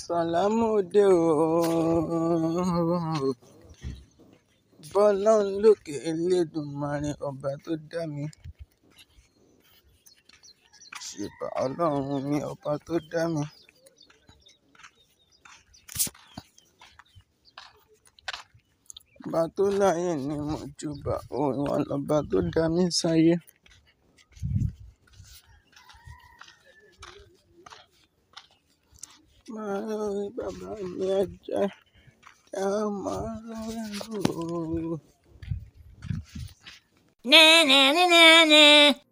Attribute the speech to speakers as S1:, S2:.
S1: Sàlámù dé ooo. Bọ́lá ń lòkè Elédùmarè ọba tó dá mi. Ṣèbà Ọlọ́run ni ọba tó dá mi. Ọba tó láyé ni mo júbà, òun lọba tó dá
S2: mi sáyé.
S3: my Baba Miaja Tamara. Na
S4: na na na na.